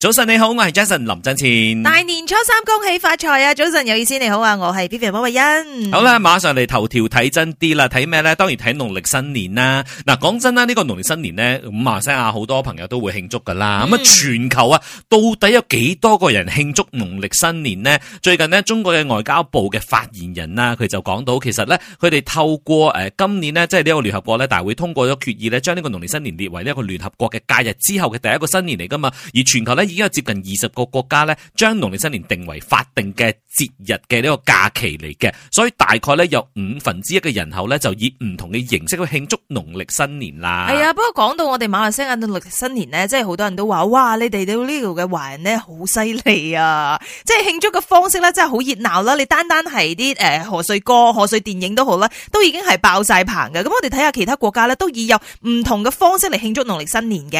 早晨你好，我係 Jason 林振前。大年初三恭喜發財啊！早晨有意思你好啊，我係 Melody 汪慧欣。好啦，馬上嚟頭條睇真啲啦，睇咩呢？當然睇農曆新年啦。嗱，講真啦，呢個農曆新年呢，馬來西亞好多朋友都會慶祝噶啦。咁啊、嗯，全球啊，到底有幾多個人慶祝農曆新年呢？最近呢，中國嘅外交部嘅發言人啊，佢就講到，其實呢，佢哋透過誒今年呢，即係呢個聯合國呢，大會通過咗決議呢，將呢個農曆新年列為一個聯合國嘅假日之後嘅第一個新年嚟噶嘛。而全球呢。已經有接近二十個國家咧，將農曆新年定為法定嘅節日嘅呢個假期嚟嘅，所以大概咧有五分之一嘅人口咧就以唔同嘅形式去慶祝農曆新年啦。係啊，不過講到我哋馬來西亞嘅農曆新年咧，即係好多人都話，哇，你哋呢度嘅華人咧好犀利啊！即係慶祝嘅方式咧，真係好熱鬧啦。你單單係啲誒賀歲歌、賀歲電影都好啦，都已經係爆晒棚嘅。咁我哋睇下其他國家咧，都已有唔同嘅方式嚟慶祝農曆新年嘅。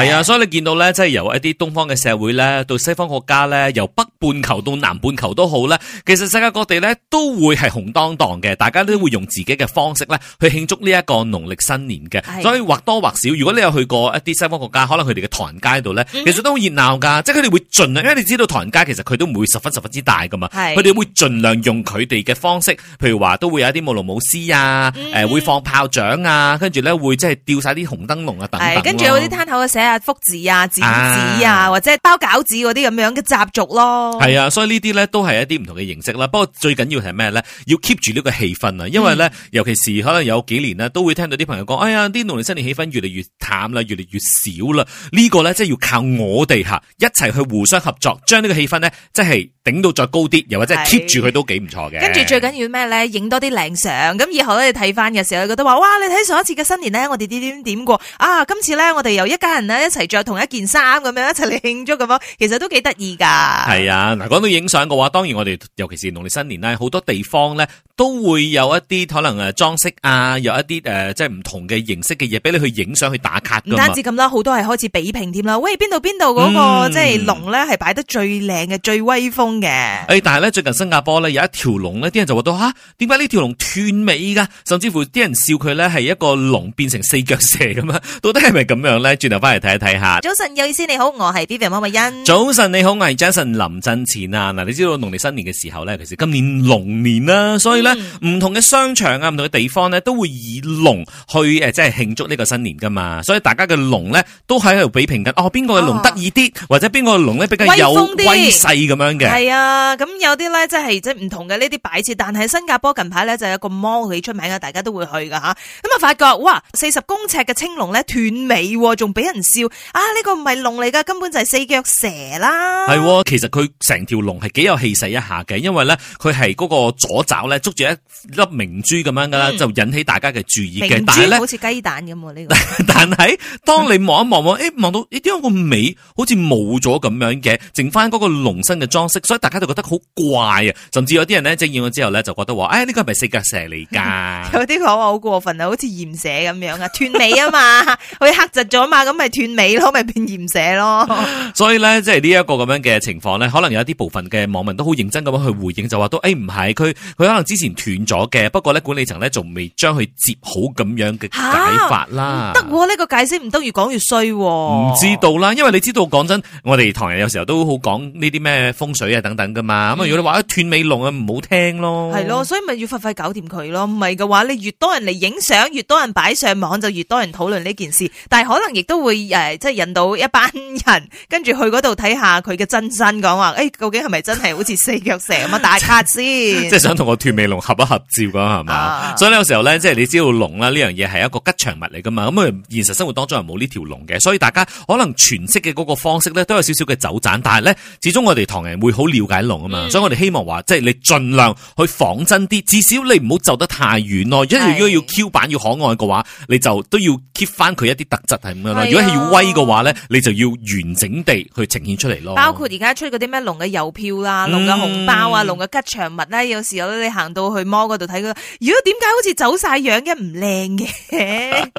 係啊、哎，所以你見到咧，即係由一啲東方。嘅社會咧，到西方國家咧，由北半球到南半球都好咧。其實世界各地咧，都會係紅當當嘅，大家都會用自己嘅方式咧，去慶祝呢一個農曆新年嘅。的所以或多或少，如果你有去過一啲西方國家，可能佢哋嘅唐人街度咧，其實都好熱鬧㗎。Mm hmm. 即係佢哋會盡量，因為你知道唐人街其實佢都唔會十分十分之大㗎嘛。佢哋的會盡量用佢哋嘅方式，譬如話都會有一啲舞龍舞獅啊，誒、mm hmm. 會放炮仗啊，跟住咧會即係吊晒啲紅燈籠啊等等。跟住有啲攤頭會寫下福字啊、剪紙啊。即係包餃子嗰啲咁樣嘅習俗咯，係啊，所以呢啲咧都係一啲唔同嘅形式啦。不過最緊要係咩咧？要 keep 住呢個氣氛啊！因為咧，嗯、尤其是可能有幾年呢，都會聽到啲朋友講，哎呀，啲農曆新年氣氛越嚟越淡啦，越嚟越少啦。呢個咧，即係要靠我哋吓一齊去互相合作，將呢個氣氛咧，即係頂到再高啲，又或者 keep 住佢都幾唔錯嘅。跟住最緊要咩咧？影多啲靚相，咁以後咧睇翻嘅時候，覺得話，哇，你睇上一次嘅新年咧，我哋點點點過啊！今次咧，我哋由一家人咧一齊着同一件衫，咁樣一齊嚟。慶祝嘅噃，其實都幾得意噶。係啊，嗱，講到影相嘅話，當然我哋尤其是農曆新年咧，好多地方咧，都會有一啲可能誒裝飾啊，有一啲誒、呃、即係唔同嘅形式嘅嘢俾你去影相去打卡。唔單止咁啦，好多係開始比拼添啦。喂，邊度邊度嗰個、嗯、即係龍咧係擺得最靚嘅、最威風嘅。誒、欸，但係咧最近新加坡咧有一條龍咧，啲人就話到嚇，點解呢條龍斷尾㗎、啊？甚至乎啲人笑佢咧係一個龍變成四腳蛇咁啊？到底係咪咁樣咧？轉頭翻嚟睇一睇下。早晨，有意思，你好，我係 Bian Mavis。早晨你好，我係 Jason 林振前啊。嗱、呃，你知道農曆新年嘅時候咧，其實今年龍年啦、啊，所以咧。嗯唔、嗯、同嘅商場啊，唔同嘅地方咧、啊，都會以龍去誒，即係慶祝呢個新年噶、啊、嘛，所以大家嘅龍咧都喺度比拼緊哦，邊個嘅龍得意啲，或者邊個嘅龍咧比較有威勢咁樣嘅。係啊，咁有啲咧即係即係唔同嘅呢啲擺設，但係新加坡近排咧就有、是、一個摩佢出名嘅，大家都會去噶吓，咁啊、嗯、發覺哇，四十公尺嘅青龍咧斷尾、啊，仲俾人笑啊！呢、這個唔係龍嚟噶，根本就係四腳蛇啦。係、啊，其實佢成條龍係幾有氣勢一下嘅，因為咧佢係嗰個左爪咧，住一粒明珠咁樣噶啦，就引起大家嘅注意嘅。但明珠但呢好似雞蛋咁，呢、這個。 但係當你望一望望，誒、哎，望到點解個尾好似冇咗咁樣嘅，剩翻嗰個龍身嘅裝飾，所以大家就覺得好怪啊。甚至有啲人咧，即係咗之後咧，就覺得話：，誒、哎，呢、這個係咪四腳蛇嚟噶、嗯？有啲講話好過分啊，好似鹽蛇咁樣啊，斷尾啊嘛，佢 黑窒咗嘛，咁咪斷尾咯，咪變鹽蛇咯。所以咧，即係呢一個咁樣嘅情況咧，可能有一啲部分嘅網民都好認真咁樣去回應，就話都：，誒、哎，唔係，佢佢可能之前斷咗嘅，不過咧管理層咧仲未將佢接好咁樣嘅解法啦。得喎，呢、啊這個解釋唔得，越講越衰。唔知道啦，因為你知道，講真，我哋唐人有時候都好講呢啲咩風水啊等等噶嘛。咁、嗯、如果你話斷尾龍啊，唔好聽咯。係咯，所以咪要快快搞掂佢咯。唔係嘅話，你越多人嚟影相，越多人擺上網，就越多人討論呢件事。但係可能亦都會誒，即係引到一班人跟住去嗰度睇下佢嘅真身，講話誒，究竟係咪真係好似四腳蛇咁樣？ 打卡先，即係想同我斷尾龍。合一合照噶係嘛，uh, 所以咧有時候咧，即係你知道龍啦，呢樣嘢係一個吉祥物嚟噶嘛。咁啊，現實生活當中係冇呢條龍嘅，所以大家可能詮釋嘅嗰個方式咧都有少少嘅走盞。但係咧，始終我哋唐人會好了解龍啊嘛，嗯、所以我哋希望話即係你盡量去仿真啲，至少你唔好走得太遠咯。因為如果要 Q 版要可愛嘅話，你就都要 keep 翻佢一啲特質係咁樣咯。啊、如果係要威嘅話咧，你就要完整地去呈現出嚟咯。包括而家出嗰啲咩龍嘅郵票啦、龍嘅紅包啊、龍嘅、嗯、吉祥物咧，有時候你行到。我去 Mall 嗰度睇，如果點解好似走晒樣嘅唔靚嘅？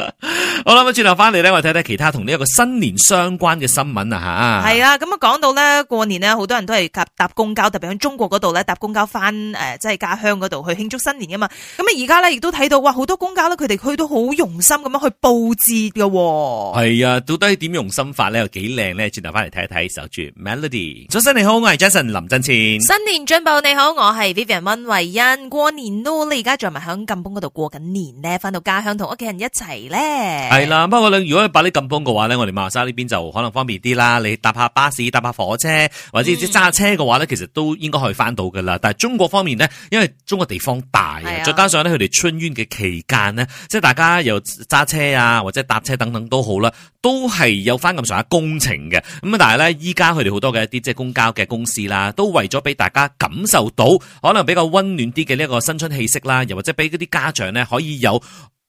好啦，咁轉頭翻嚟咧，我睇睇其他同呢一個新年相關嘅新聞啊吓。係啦、啊，咁啊講到咧過年咧，好多人都係搭搭公交，特別喺中國嗰度咧搭公交翻誒，即係家鄉嗰度去慶祝新年噶嘛。咁啊而家咧亦都睇到哇，好多公交咧，佢哋去到好用心咁樣去布置噶。係啊，到底點用心法咧又幾靚咧？轉頭翻嚟睇一睇，守住 Melody。早晨你好，我係 Jason 林振前。新年進步，你好，我係 Vivian 溫慧欣。過年咯，你而家仲係咪響金邦嗰度過緊年咧？翻到家鄉同屋企人一齊咧。係啦，不過如果你擺啲咁幫嘅話咧，我哋馬沙呢邊就可能方便啲啦。你搭下巴士、搭下火車，或者揸車嘅話咧，嗯、其實都應該可以翻到噶啦。但係中國方面呢，因為中國地方大，再加上咧佢哋春運嘅期間呢，即係大家又揸車啊，或者搭車等等都好啦，都係有翻咁上下工程嘅。咁啊，但係咧，依家佢哋好多嘅一啲即係公交嘅公司啦，都為咗俾大家感受到可能比較溫暖啲嘅呢一個新春氣息啦，又或者俾嗰啲家長咧可以有。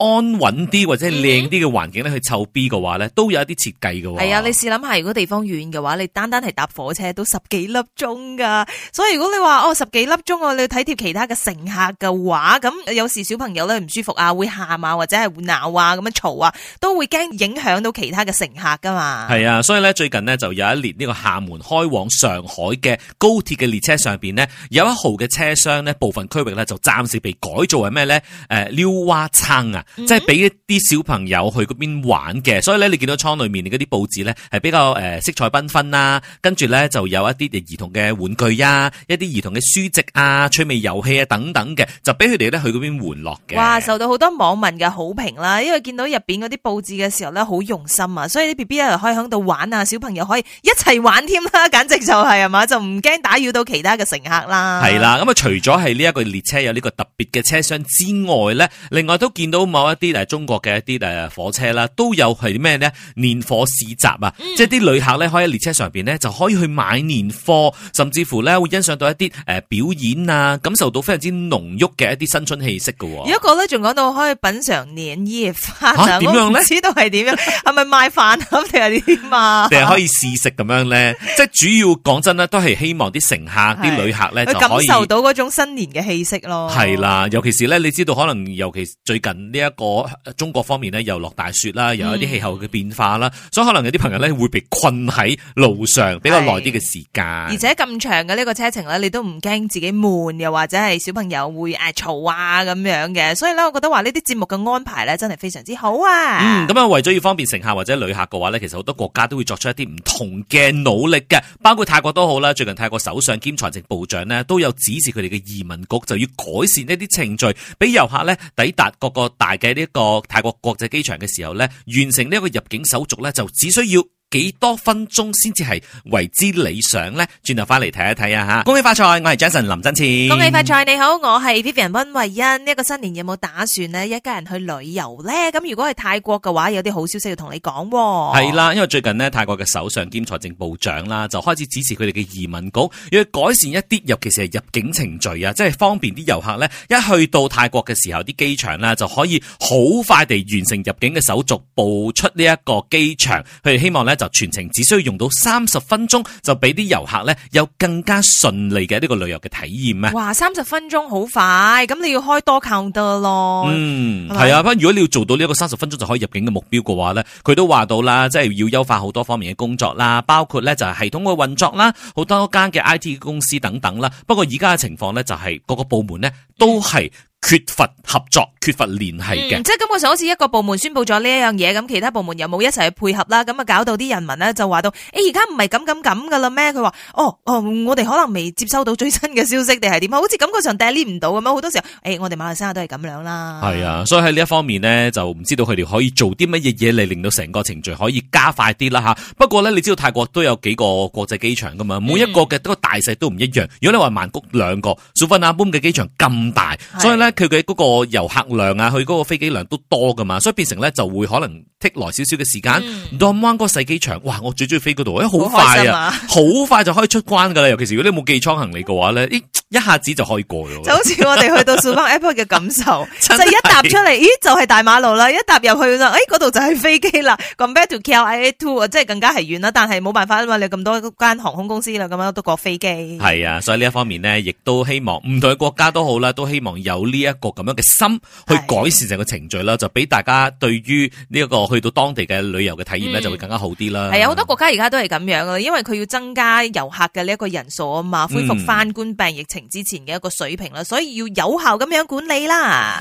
安穩啲或者靚啲嘅環境咧去湊 B 嘅話咧，都有一啲設計嘅。係啊，你試諗下，如果地方遠嘅話，你單單係搭火車都十幾粒鐘噶。所以如果你話哦十幾粒鐘啊，你要體貼其他嘅乘客嘅話，咁有時小朋友咧唔舒服啊，會喊啊，或者係會鬧啊咁樣嘈啊，都會驚影響到其他嘅乘客噶嘛。係啊，所以咧最近呢，就有一列呢個廈門開往上海嘅高鐵嘅列車上邊呢，有一號嘅車廂呢部分區域呢，就暫時被改造為咩呢？誒、呃，遛娃艙啊！即係俾一啲小朋友去嗰邊玩嘅，所以咧你見到倉裏面嗰啲布置咧係比較誒色彩繽紛啦，跟住咧就有一啲誒兒童嘅玩具啊，一啲兒童嘅書籍啊、趣味遊戲啊等等嘅，就俾佢哋咧去嗰邊玩樂嘅。哇！受到好多網民嘅好評啦，因為見到入邊嗰啲布置嘅時候咧好用心啊，所以啲 B B 一日可以響度玩啊，小朋友可以一齊玩添啦，簡直就係啊嘛，就唔驚打擾到其他嘅乘客啦。係啦，咁、嗯、啊除咗係呢一個列車有呢個特別嘅車廂之外咧，另外都見到網。一啲誒，中國嘅一啲誒火車啦，都有係咩呢？年貨市集啊，嗯、即係啲旅客咧，可以喺列車上邊咧，就可以去買年貨，甚至乎咧會欣賞到一啲誒表演啊，感受到非常之濃郁嘅一啲新春氣息喎。一個呢，仲講到可以品嘗年夜飯？點、啊、樣呢？知道係點樣？係咪賣飯啊？定係點啊？定係可以試食咁樣咧？ 即係主要講真咧，都係希望啲乘客、啲的旅客咧，感受到嗰種新年嘅氣息咯。係啦，尤其是咧，你知道可能尤其最近呢？一個中國方面咧，又落大雪啦，又有啲氣候嘅變化啦，嗯、所以可能有啲朋友咧會被困喺路上比較耐啲嘅時間，而且咁長嘅呢個車程咧，你都唔驚自己悶，又或者係小朋友會嗌嘈啊咁樣嘅，所以呢，我覺得話呢啲節目嘅安排咧，真係非常之好啊！咁啊、嗯，為咗要方便乘客或者旅客嘅話呢，其實好多國家都會作出一啲唔同嘅努力嘅，包括泰國都好啦，最近泰國首相兼財政部長咧都有指示佢哋嘅移民局就要改善呢啲程序，俾遊客呢抵達各個大喺嘅呢一個泰國國際機場嘅時候咧，完成呢一個入境手續咧，就只需要，幾多分鐘先至係為之理想呢？轉頭翻嚟睇一睇啊！吓，恭喜發財，我係 Jason 林振慈。恭喜發財，你好，我係 Vivian 溫慧欣。呢個新年有冇打算呢？一家人去旅遊呢？咁如果係泰國嘅話，有啲好消息要同你講。係啦，因為最近呢，泰國嘅首相兼財政部長啦，就開始指示佢哋嘅移民局要去改善一啲，尤其是係入境程序啊，即係方便啲遊客呢，一去到泰國嘅時候，啲機場啦就可以好快地完成入境嘅手續，步出呢一個機場，佢哋希望呢。全程只需要用到三十分鐘，就俾啲遊客咧有更加順利嘅呢個旅遊嘅體驗啊！哇，三十分鐘好快，咁你要開多靠多咯。嗯，係啊吧，不過如果你要做到呢一個三十分鐘就可以入境嘅目標嘅話咧，佢都話到啦，即係要優化好多方面嘅工作啦，包括咧就係系統嘅運作啦，好多間嘅 IT 公司等等啦。不過而家嘅情況咧，就係各個部門咧都係、嗯。缺乏合作、缺乏聯繫嘅，即係根本上好似一個部門宣布咗呢一樣嘢，咁其他部門又冇一齊去配合啦，咁啊搞到啲人民呢，就話到，誒而家唔係咁咁咁噶啦咩？佢話，哦哦，我哋可能未接收到最新嘅消息定係點啊？好似感覺上匿唔到咁樣！好多時候，誒、欸、我哋馬來西亞都係咁樣啦。係啊，所以喺呢一方面呢，就唔知道佢哋可以做啲乜嘢嘢嚟令到成個程序可以加快啲啦吓。不過呢，你知道泰國都有幾個國際機場噶嘛？每一個嘅個大細都唔一樣。如果你話曼谷兩個素萬那普嘅機場咁大，所以咧。佢嘅嗰個遊客量啊，佢嗰個飛機量都多噶嘛，所以變成咧就會可能剔來少少嘅時間。London 個細機場，哇！我最中意飛嗰度，好、欸、快啊，好、啊、快就可以出關噶啦。尤其是如果你冇寄艙行李嘅話咧、欸，一下子就可以過咗。就好似我哋去到蘇芬 Apple 嘅感受， 是就係一踏出嚟，咦，就係、是、大馬路啦；一踏入去咦那裡就，哎，嗰度就係飛機啦。咁 compare to KLIA2 啊，2，即係更加係遠啦。但係冇辦法啊嘛，你咁多間航空公司啦，咁樣都過飛機。係啊，所以呢一方面呢，亦都希望唔同嘅國家都好啦，都希望有呢。呢一個咁樣嘅心去改善成個程序啦，是的 就俾大家對於呢一個去到當地嘅旅遊嘅體驗咧，就會更加好啲啦、嗯。係啊，好多國家而家都係咁樣啊，因為佢要增加遊客嘅呢一個人數啊嘛，恢復翻冠病疫情之前嘅一個水平啦，嗯、所以要有效咁樣管理啦。